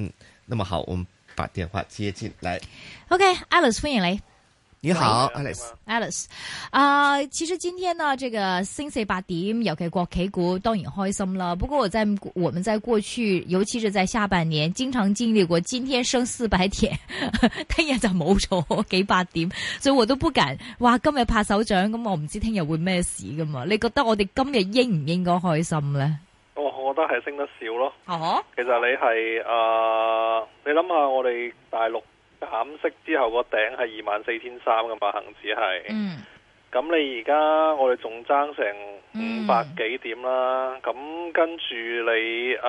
嗯，那麼好，我們把電話接進來。OK，Alice、okay, 歡迎你。你好，Alice，Alice，Yes, 啊 Alice,、呃，其實今天呢，這個升四百點，尤其國企股當然開心啦。不過我在我們在過去，尤其是在下半年，經常經歷過今天升四百點，聽日就冇咗幾百點，所以我都不敢，哇，今日拍手掌，咁我唔知聽日會咩事噶嘛？你覺得我哋今日應唔應該開心呢？我我覺得係升得少咯，uh huh? 其實你係啊、呃，你諗下我哋大陸減息之後個頂係二萬四千三嘅嘛，恒指係，咁、mm. 你而家我哋仲爭成五百幾點啦，咁、mm. 跟住你啊，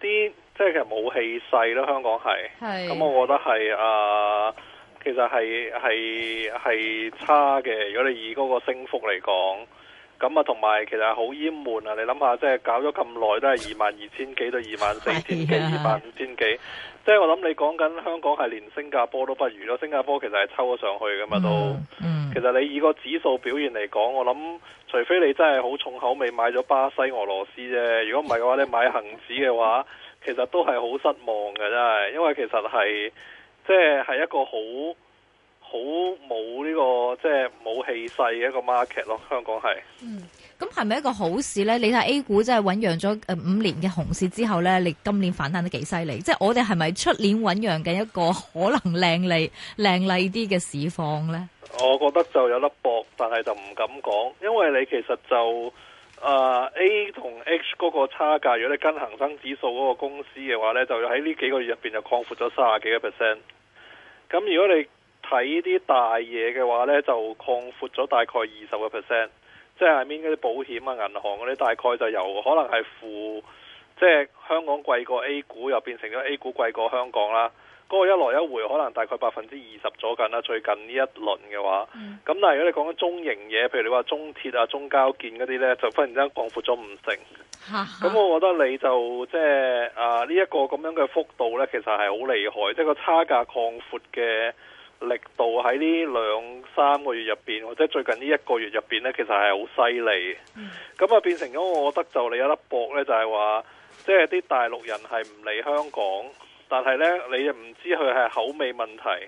啲、呃、即係其實冇氣勢啦。香港係，咁是我覺得係啊、呃，其實係係係差嘅，如果你以嗰個升幅嚟講。咁啊，同埋其實好淹悶啊！你諗下、就是是的，即係搞咗咁耐都係二萬二千幾到二萬四千幾、二萬五千幾，即係我諗你講緊香港係連新加坡都不如咯。新加坡其實係抽咗上去噶嘛都。其實你以個指數表現嚟講，我諗除非你真係好重口味買咗巴西、俄羅斯啫。如果唔係嘅話，你買恒指嘅話，其實都係好失望嘅真係，因為其實係即係係一個好。好冇呢個即係冇氣勢嘅一個 market 咯，香港係。嗯，咁係咪一個好事呢？你睇 A 股真係醞釀咗誒五年嘅熊市之後呢，你今年反彈得幾犀利？即係我哋係咪出年醞釀緊一個可能靚麗靚麗啲嘅市況呢？我覺得就有得搏，但係就唔敢講，因為你其實就誒、呃、A 同 H 嗰個差價，如果你跟恒生指數嗰個公司嘅話呢，就喺呢幾個月入邊就擴闊咗三十幾個 percent。咁如果你睇啲大嘢嘅話呢，就擴闊咗大概二十個 percent，即係下面嗰啲保險啊、銀行嗰、啊、啲，大概就由可能係負，即係香港貴過 A 股，又變成咗 A 股貴過香港啦。嗰、那個一來一回，可能大概百分之二十左近啦。最近呢一輪嘅話，咁、嗯、但係如果你講緊中型嘢，譬如你話中鐵啊、中交建嗰啲呢，就忽然之間擴闊咗五成。咁 我覺得你就即係呢一個咁樣嘅幅度呢，其實係好厲害，即係個差價擴闊嘅。力度喺呢兩三個月入邊，或者最近呢一個月入邊呢，其實係好犀利。咁啊，變成咗我覺得就你有得搏呢，就係話，即係啲大陸人係唔嚟香港，但係呢，你又唔知佢係口味問題，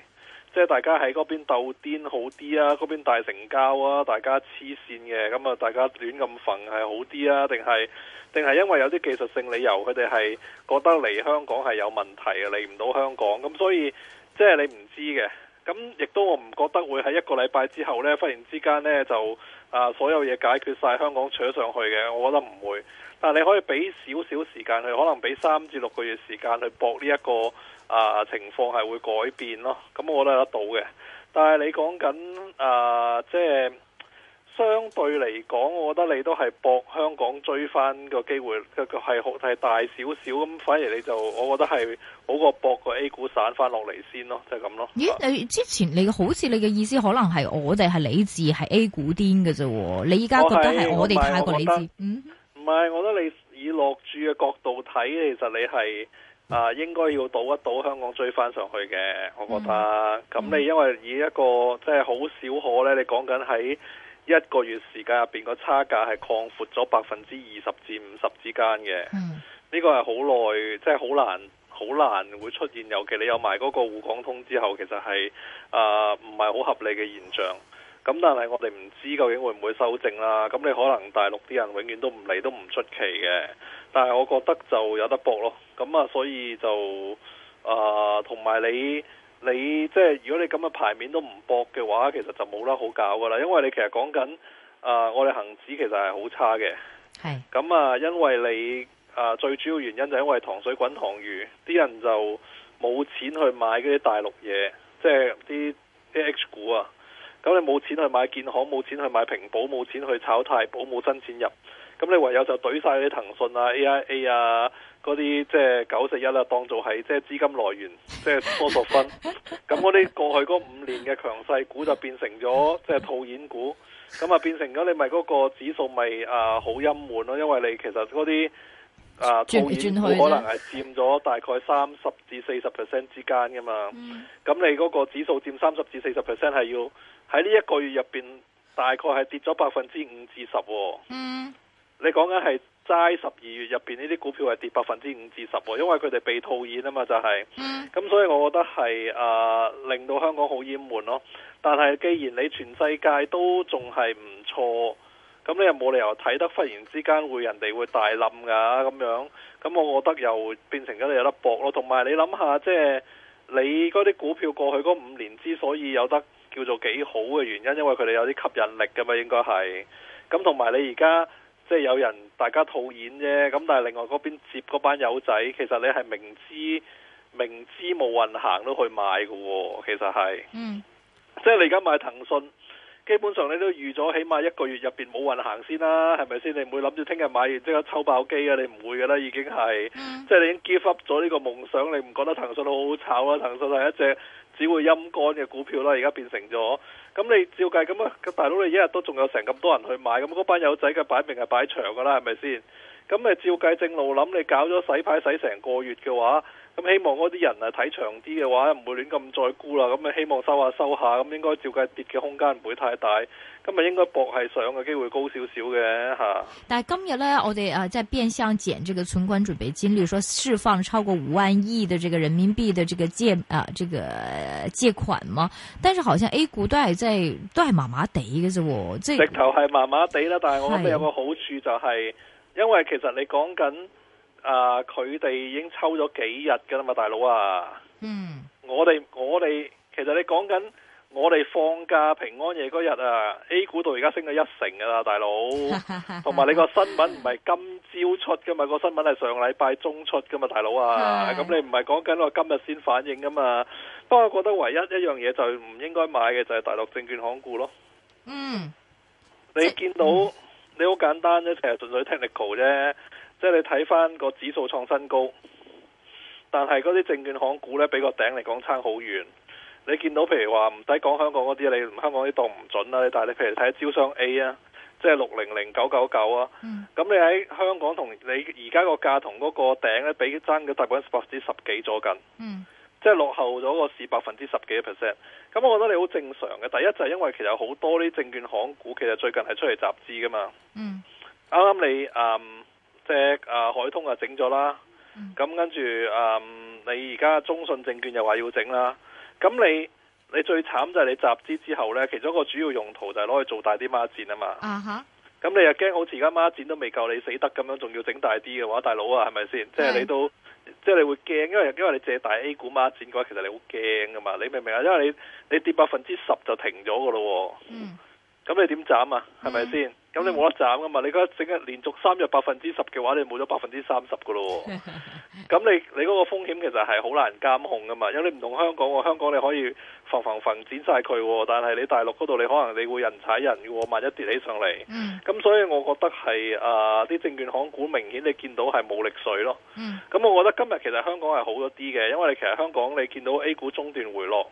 即係大家喺嗰邊鬥癲好啲啊，嗰邊大成交啊，大家黐線嘅，咁啊，大家亂咁焚係好啲啊，定係定係因為有啲技術性理由，佢哋係覺得嚟香港係有問題啊，嚟唔到香港，咁所以即係你唔知嘅。咁亦都我唔覺得會喺一個禮拜之後呢，忽然之間呢，就啊、呃、所有嘢解決晒。香港扯上去嘅，我覺得唔會。但係你可以俾少少時間去，可能俾三至六個月時間去搏呢一個啊、呃、情況係會改變咯。咁我覺得得到嘅。但係你講緊啊、呃，即係。相對嚟講，我覺得你都係博香港追翻個機會，係好係大少少咁。反而你就，我覺得係好過博個 A 股散翻落嚟先咯，就係、是、咁咯。咦、欸？你之前你好似你嘅意思，可能係我哋係理智，係 A 股癲嘅啫。你而家覺得係我哋太過理智？唔係、嗯，我覺得你以落注嘅角度睇，其實你係啊、呃，應該要賭一賭香港追翻上去嘅。我覺得咁，嗯、你因為以一個即係好少可咧，你講緊喺。一個月時間入邊個差價係擴闊咗百分之二十至五十之間嘅，呢個係好耐，即係好難，好難會出現。尤其你有埋嗰個滬港通之後，其實係啊唔係好合理嘅現象。咁但係我哋唔知究竟會唔會修正啦。咁你可能大陸啲人永遠都唔嚟都唔出奇嘅。但係我覺得就有得搏咯。咁啊，所以就啊同埋你。你即係如果你咁嘅牌面都唔博嘅話，其實就冇得好搞噶啦，因為你其實講緊啊，我哋恆指其實係好差嘅。係是。咁啊，因為你啊，最主要原因就係因為塘水滾塘魚，啲人就冇錢去買嗰啲大陸嘢，即係啲 A H 股啊。咁你冇錢去買建行，冇錢去買平保，冇錢去炒太保，冇新錢入。咁你唯有就懟晒啲騰訊啊，AIA 啊。嗰啲即係九十一啦，當做係即係資金來源，即、就、係、是、多索分。咁嗰啲過去嗰五年嘅強勢股就變成咗即係套現股。咁啊，變成咗你咪嗰個指數咪啊好陰悶咯，因為你其實嗰啲啊轉套現，可能係佔咗大概三十至四十 percent 之間噶嘛。咁、嗯、你嗰個指數佔三十至四十 percent 係要喺呢一個月入邊，大概係跌咗百分之五至十、哦。嗯，你講緊係。齋十二月入面呢啲股票係跌百分之五至十喎，因為佢哋被套現啊嘛，就係、是，咁所以我覺得係誒、呃、令到香港好翳悶咯。但係既然你全世界都仲係唔錯，咁你又冇理由睇得忽然之間會人哋會大冧噶咁樣，咁我覺得又變成咗你有得搏咯。同埋你諗下，即係你嗰啲股票過去嗰五年之所以有得叫做幾好嘅原因，因為佢哋有啲吸引力噶嘛，應該係。咁同埋你而家。即係有人大家套現啫，咁但係另外嗰邊接嗰班友仔，其實你係明知明知冇運行都去買嘅喎、哦，其實係。嗯。即係你而家買騰訊，基本上你都預咗，起碼一個月入面冇運行先啦，係咪先？你唔會諗住聽日買完即刻抽爆機嘅，你唔會嘅啦，已經係。嗯、即係你已經 give up 咗呢個夢想，你唔覺得騰訊都好好炒啊？騰訊係一隻只會陰乾嘅股票啦，而家變成咗。咁你照計咁啊，大佬你一日都仲有成咁多人去買，咁嗰班友仔嘅擺明係擺長㗎啦，係咪先？咁你照計正路諗，你搞咗洗牌洗成個月嘅話。咁希望嗰啲人啊睇長啲嘅話，唔會亂咁再沽啦。咁啊希望收下收下，咁應該照計跌嘅空間唔會太大。今日應該博係上嘅機會高少少嘅嚇。但係今日咧，我哋啊在變相減這個存款準備金率，說釋放超過五萬億嘅這個人民幣嘅這個借啊、呃、這個借款嘛。但是好像 A 股都係即係都係麻麻地嘅啫。直頭係麻麻地啦，但係我覺得有個好處就係、是，是的因為其實你講緊。啊！佢哋已經抽咗幾日噶啦嘛，大佬啊！嗯、mm.，我哋我哋，其實你講緊我哋放假平安夜嗰日啊，A 股到而家升咗一成噶啦，大佬。同埋 你個新聞唔係今朝出噶嘛？個新聞係上個禮拜中出噶嘛，大佬啊！咁 你唔係講緊我今日先反應噶嘛？不過我覺得唯一一樣嘢，就唔應該買嘅就係、是、大陸證券控股咯。嗯，mm. 你見到、mm. 你好簡單啫，其實純粹 technical 啫。即係你睇翻個指數創新高，但係嗰啲證券行股咧，比個頂嚟講差好遠。你見到譬如話唔使講香港嗰啲，你唔香港啲當唔準啦、啊。但係你譬如睇下招商 A 啊，即係六零零九九九啊，咁、嗯、你喺香港同你而家個價同嗰個頂咧，比爭嘅大概百分之十幾咗近，嗯、即係落後咗個市百分之十幾嘅 percent。咁我覺得你好正常嘅。第一就係因為其實好多啲證券行股其實最近係出嚟集資噶嘛。啱啱、嗯、你、嗯即係啊，海通啊整咗啦，咁、嗯、跟住誒、嗯，你而家中信證券又話要整啦，咁你你最慘就係你集資之後呢，其中一個主要用途就係攞去做大啲孖展啊嘛，咁、啊、哈你又驚好似而家孖展都未夠你死得咁樣，仲要整大啲嘅話，大佬啊係咪先？是是即係你都的即係你會驚，因為因為你借大 A 股孖展嘅話，其實你好驚噶嘛，你明唔明啊？因為你你跌百分之十就停咗噶咯喎。嗯咁你點斬啊？係咪先？咁、嗯、你冇得斬噶嘛？你而家整日連續三日百分之十嘅話，你冇咗百分之三十噶咯。咁、哦、 你你嗰個風險其實係好難監控噶嘛？因為你唔同香港喎，香港你可以防防防剪曬佢、哦，但係你大陸嗰度你可能你會人踩人嘅喎、哦，萬一跌起上嚟。咁、嗯、所以我覺得係啲、呃、證券行股明顯你見到係冇力水咯。咁、嗯、我覺得今日其實香港係好咗啲嘅，因為你其實香港你見到 A 股中段回落。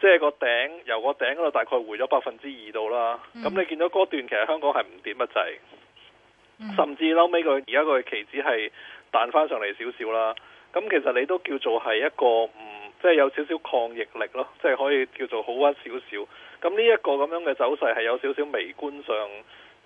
即係個頂由個頂度大概回咗百分之二到啦，咁、嗯、你見到嗰段其實香港係唔跌乜滯，嗯、甚至後尾佢而家佢嘅期指係彈翻上嚟少少啦。咁其實你都叫做係一個唔即係有少少抗逆力咯，即、就、係、是、可以叫做好屈少少。咁呢一個咁樣嘅走勢係有少少微觀上。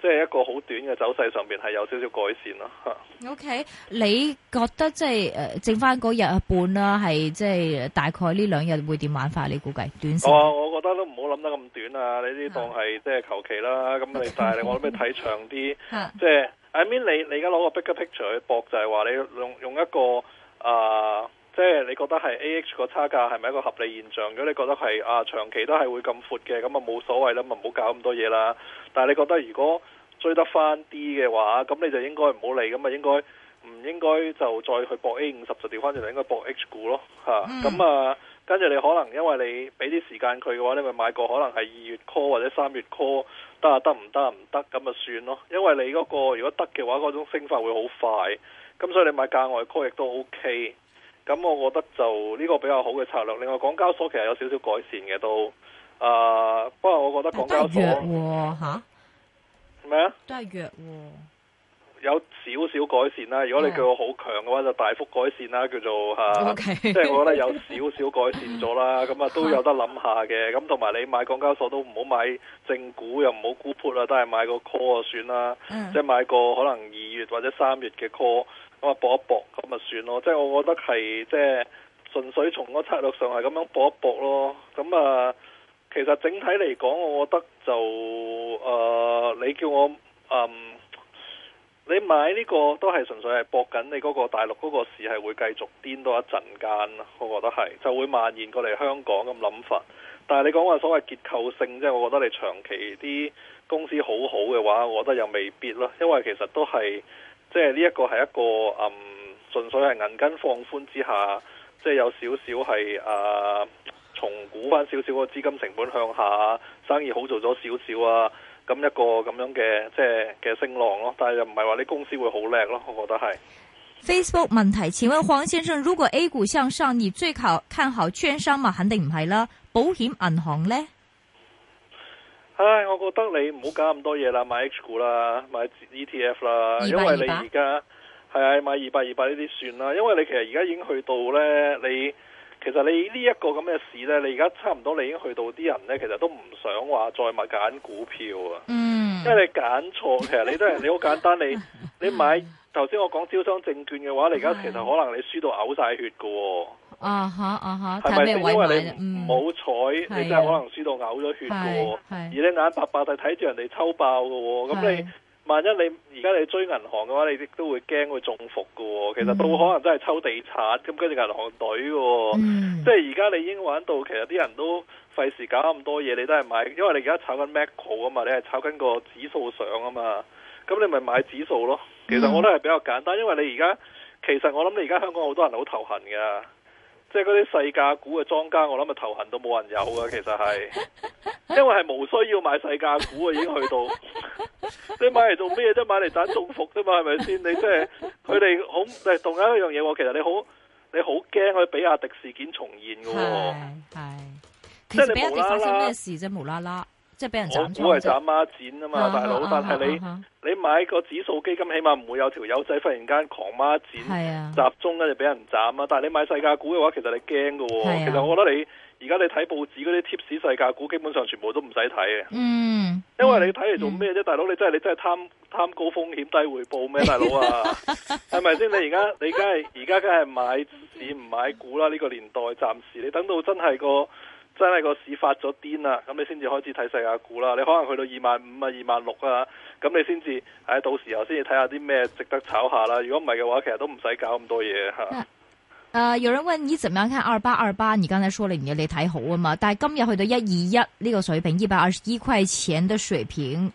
即係一個好短嘅走勢上面係有少少改善咯 OK，你覺得即係剩返嗰日半啦，係即係大概呢兩日會點玩法？你估計短線、哦？我覺得都唔好諗得咁短啊！你呢檔係即係求其啦，咁你但你我諗咩睇長啲？即係、啊就是、I mean，你你而家攞個 big picture 去博，就係、是、話你用用一個啊。呃即係你覺得係 A.H 個差價係咪一個合理現象？如果你覺得係啊，長期都係會咁闊嘅，咁啊冇所謂啦，咪唔好搞咁多嘢啦。但係你覺得如果追得翻啲嘅話，咁你就應該唔好理，咁啊應該唔應該就再去搏 A 五十就掉翻轉嚟應該搏 H 股咯嚇。咁啊跟住你可能因為你俾啲時間佢嘅話，你咪買個可能係二月 call 或者三月 call 得啊？得唔得啊？唔得咁啊算咯。因為你嗰個如果得嘅話，嗰種升法會好快，咁所以你買價外 call 亦都 O.K. 咁我覺得就呢個比較好嘅策略。另外，港交所其實有少少改善嘅都，啊、呃，不過我覺得港交所嚇咩啊？都係弱麼有少少改善啦。如果你叫我好強嘅話，Yeah. 就大幅改善啦，叫做即係、啊、Okay. 我覺得有少少改善咗啦。咁啊 都有得諗下嘅。咁同埋你買港交所都唔好買正股，又唔好沽 put 啊，都係買個 call 啊算啦。Yeah. 即係買個可能二月或者三月嘅 call。咁話搏一搏咁咪算咯，即、就、係、是、我覺得係即係純粹從嗰策略上係咁樣搏一搏咯。咁啊，其實整體嚟講，呃嗯，我覺得就誒，你叫我嗯，你買呢個都係純粹係搏緊你嗰個大陸嗰個市係會繼續顛多一陣間，我覺得係就會蔓延過嚟香港咁諗法。但係你講話所謂結構性，即係我覺得你長期啲公司好好嘅話，我覺得又未必咯，因為其實都係。即係呢一個係一個嗯，純粹係銀根放寬之下，即係有少少係啊，重估返少少個資金成本向下，生意好做咗少少啊，咁一個咁樣嘅即係嘅升浪咯。但係又唔係話你公司會好叻咯，我覺得係 Facebook 問題，請問黃先生，如果 A 股向上，你最看好券商嘛？肯定唔係啦，保險銀行咧。唉，我覺得你唔好搞咁多嘢啦，買 H 股啦，買 ETF 啦，200? 因為你而家係啊，買二百二百呢啲算啦。因為你其實而家已經去到呢，你其實你呢一個咁嘅市呢，你而家差唔多你已經去到啲人呢，其實都唔想話再咪揀股票啊。嗯，mm. 因為你揀錯，其實你都係你好簡單， 你你買頭先我講招商證券嘅話，你而家其實可能你輸到嘔曬血㗎喎、哦。啊！嚇啊、uh！嚇、huh, uh，係、huh, 咪？因為你唔好彩，你真係可能輸到嘔咗血嘅喎，啊、而你眼白白地睇住人哋抽爆嘅喎。咁是你萬一你而家你追銀行嘅話，你都會驚會中伏嘅喎。其實都可能真係抽地產咁、嗯、跟住銀行隊嘅喎，嗯、即係而家你已經玩到其實啲人都費事搞咁多嘢，你都係買，因為你而家炒緊 Macro 啊嘛，你係炒緊個指數上啊嘛，咁你咪買指數咯。其實我覺得係比較簡單，嗯、因為你而家其實我諗你而家香港好多人好頭痕嘅。即係嗰啲細價股嘅莊家，我諗咪頭痕都冇人有㗎！其實係，因為係無需要買細價股啊，已經去到 你買嚟做咩啫？買嚟打中伏啫嘛，係咪先？你即係佢哋好誒，同埋一樣嘢，其實你好你好驚去比亞迪事件重現噶喎。係，其實比亞迪發生咩事啫？無啦啦。即係我估係斬孖展啊嘛，大佬。但係你、啊、哈 你買個指數基金，起碼唔會有條友仔忽然間狂孖展，是啊、集中跟住俾人斬啊。但係你買細價股嘅話，其實你驚嘅、哦。是啊、其實我覺得你而家你睇報紙嗰啲 tips 細價股，基本上全部都唔使睇嘅。嗯，因為你睇嚟做咩啫？嗯、大佬。你真係你真係貪貪高風險低回報咩，大佬啊？係咪先？你而家你而家而家梗係買市唔買股啦？呢、呢個年代暫時，你等到真係個。真係個市發咗癲啦，咁你先至開始睇細價股啦。你可能去到二萬五啊、二萬六啊，咁你先至，喺、哎、到時候先至睇下啲咩值得炒一下啦。如果唔係嘅話，其實都唔使搞咁多嘢吓。誒、啊呃，有人問你點樣睇二八二八？你剛才說你看了你要睇好啊嘛。但係今日去到一二一呢個水平，一百二十一塊錢嘅水平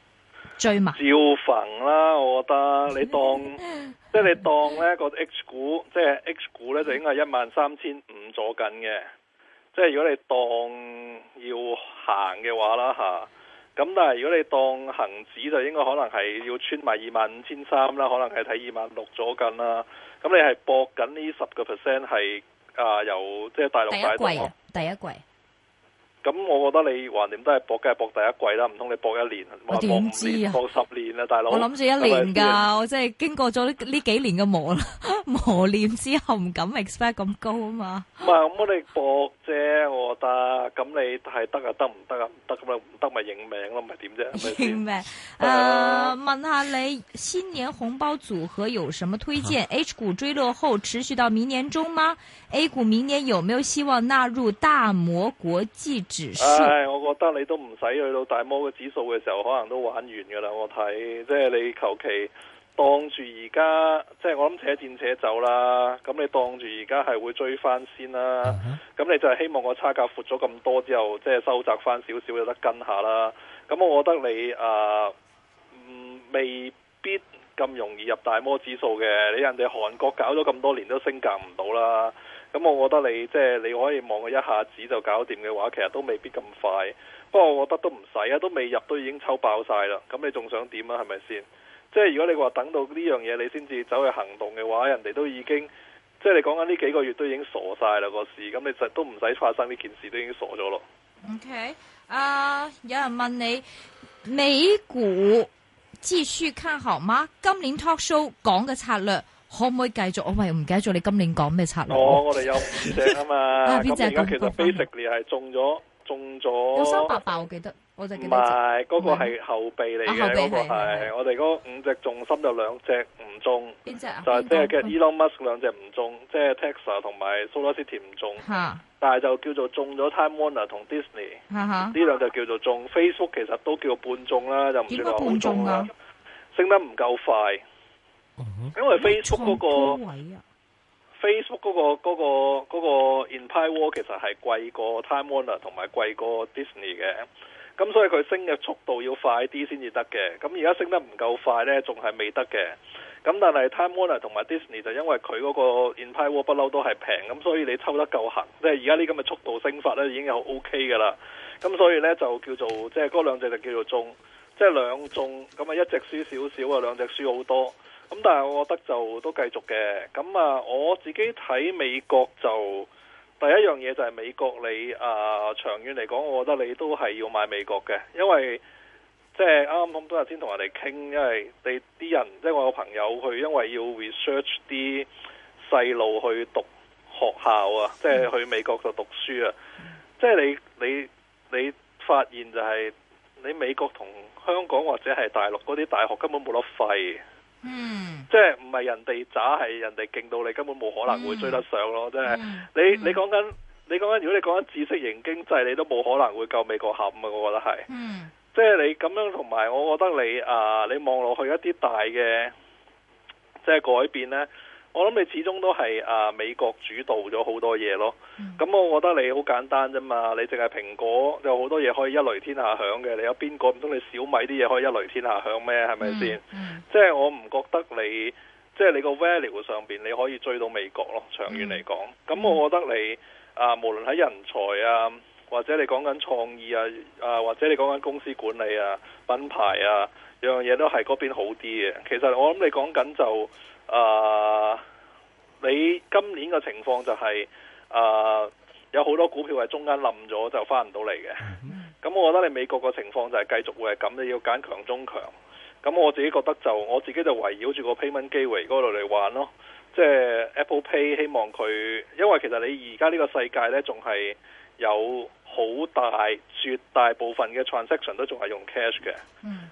追嘛？照啦，我覺得你當 即係你當呢個 H 股，即係 H 股呢，就應該一萬三千五坐緊嘅。即係如果你當要行嘅話啦嚇，咁但係如果你當恆指就應該可能係要穿埋二萬五千三啦，可能係睇二萬六左近啦。咁你係博緊呢十個 percent 係啊，由即係大陸大單、啊，第一季。咁我覺得你橫掂都係搏，梗係搏第一季啦，唔通你搏一年，我點知啊，搏十年，搏十年啊，大佬！我諗住一年㗎，係咪？我即係經過咗呢呢幾年嘅磨磨練之後，唔敢 expect 咁高啊嘛。唔係，咁我哋搏啫，我覺得。咁你係得嗎啊，得唔得啊？得咁樣唔得咪認命咯，唔係點啫？認命。誒，問下你新年紅包組合有什麼推薦，啊？H 股追落後持續到明年中嗎？A 股明年有沒有希望納入大摩國際？唉，我覺得你都唔使去到大摩嘅指數嘅時候，可能都玩完噶啦。我睇，即係你求其當住而家，即係我諗且戰且走啦。咁你當住而家係會追翻先啦。咁、uh huh. 你就係希望個差價闊咗咁多之後，即係收窄翻少少有得跟下啦。咁我覺得你啊、呃，未必咁容易入大摩指數嘅。你人哋韓國搞咗咁多年都升格唔到啦。咁我覺得你即係、就是、你可以望佢一下子就搞掂嘅話，其實都未必咁快。不過我覺得都唔使啊，都未入都已經抽爆晒啦。咁你仲想點啊？係咪先？即、就、係、是、如果你話等到呢樣嘢你先至走去行動嘅話，人哋都已經即係、就是、你講緊呢幾個月都已經傻晒啦、那個事。咁你實都唔使發生呢件事，都已經傻咗咯。OK，啊、uh,，有人問你美股繼續卡好看好嗎？今年 Talk Show 講嘅策略。可唔可以繼續？我唔係唔記得咗你今年講咩策略。我我哋有五隻啊嘛，咁而家其實 Facebook 係中咗，中咗。有三八爆記得，我就記得。唔係，嗰個係後備嚟嘅，嗰個係我哋嗰五隻重心有兩隻唔中。邊隻啊？就即係嘅 Elon Musk 兩隻唔中，即係 Tesla 同埋 SolarCity 唔中。嚇！但係就叫做中咗 Time Warner 同 Disney。嚇嚇！呢兩隻叫做中。Facebook 其實都叫半中啦，就唔算話好中啦。升得唔夠快。因為 Facebook 嗰個 Facebook 嗰、嗰個嗰、嗰個嗰、嗰個 Inpay Wall 其實係貴過 Time Warner 同埋貴過 Disney 嘅，咁所以佢升嘅速度要快啲先至得嘅。咁而家升得唔夠快呢，仲係未得嘅。咁但係 Time Warner 同埋 Disney 就因為佢嗰個 Inpay Wall 不嬲都係平，咁所以你抽得夠行，即係而家呢咁嘅速度升法呢，已經係 OK 噶啦。咁所以呢，就叫做即係嗰兩隻就是、兩隻叫做中，即係兩中咁啊，一隻輸少少啊，兩隻輸好多。咁但係我覺得就都繼續嘅，咁啊我自己睇美國就第一樣嘢就係美國你啊、呃、長遠嚟講，我覺得你都係要買美國嘅，因為即係啱啱咁多日先同人哋傾，因為你啲人即係、就是、我有朋友佢因為要 research 啲細路去讀學校啊，即係、嗯、去美國度讀書啊，即、就、係、是、你你你發現就係你美國同香港或者係大陸嗰啲大學根本冇得廢。嗯，即係唔係人哋渣，係人哋勁到你根本冇可能會追得上咯，嗯、即係、嗯。你你講緊，你講緊，如果你講緊知識型經濟，你都冇可能會夠美國冚啊！我覺得係，嗯、即係你咁樣同埋，我覺得你啊、呃，你望落去一啲大嘅，即係改變呢。我諗你始終都係啊美國主導咗好多嘢咯，咁、嗯、我覺得你好簡單啫嘛，你淨係蘋果有好多嘢可以一雷天下響嘅，你有邊個唔通你小米啲嘢可以一雷天下響咩？係咪先？嗯嗯、即係我唔覺得你，即係你個 value 上邊你可以追到美國咯，長遠嚟講。咁、嗯、我覺得你啊，無論喺人才啊，或者你講緊創意啊，啊或者你講緊公司管理啊、品牌啊，樣樣嘢都係嗰邊好啲嘅。其實我諗你講緊就。啊！Uh, 你今年嘅情況就係、是、啊，uh, 有好多股票係中間冧咗就翻唔到嚟嘅。咁我覺得你美國嘅情況就係繼續會係咁，你要揀強中強。咁我自己覺得就我自己就圍繞住個 payment 機會嗰度嚟玩咯。即、就、係、是、Apple Pay，希望佢，因為其實你而家呢個世界呢，仲係有，好大絕大部分嘅 transaction 都仲係用 cash 嘅，咁、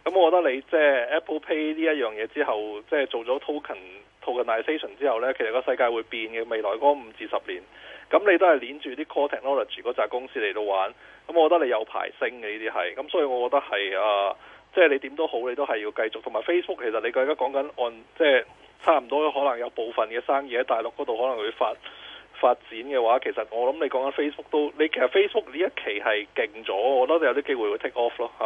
嗯、我覺得你即係、就是、Apple Pay 呢一樣嘢之後，即、就、係、是、做咗 token tokenization 之後呢，其實個世界會變嘅。未來嗰五至十年，咁你都係連住啲 cryptocurrency 嗰扎公司嚟到玩，咁我覺得你有排升嘅呢啲係。咁所以我覺得係啊，即、就、係、是、你點都好，你都係要繼續。同埋 Facebook 其實你而家講緊按即係差唔多，可能有部分嘅生意喺大陸嗰度可能會發發展嘅話，其實我諗你講緊 Facebook 都，你其實 Facebook 呢一期係勁咗，我覺得你有啲機會會 take off 咯吓。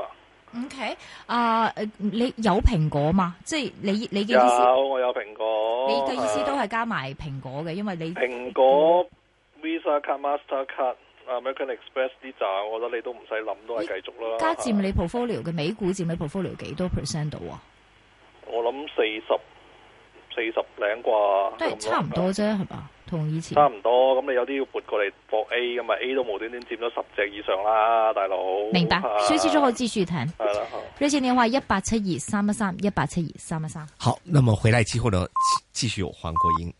OK，啊、uh,，你有蘋果嘛？即係你你嘅意思有，我有蘋果。你嘅意思都係加埋蘋果嘅，的因為你蘋果 Visa 卡、Master 卡、American Express 呢扎，我覺得你都唔使諗都係繼續啦。加佔你 portfolio 嘅的美股佔你 portfolio 幾多 percent 到啊？我諗四十四十零啩，都係差唔多啫，係嘛？同以前差唔多，咁你有啲要撥過嚟搏 A，咁啊 A 都無端端佔咗十隻以上啦，大佬。明白，休息、啊、之後繼續聽。係啦，好。熱線電話一八七二三一三一八七二三一三。好，那麼回來之後呢，繼續有黃國英。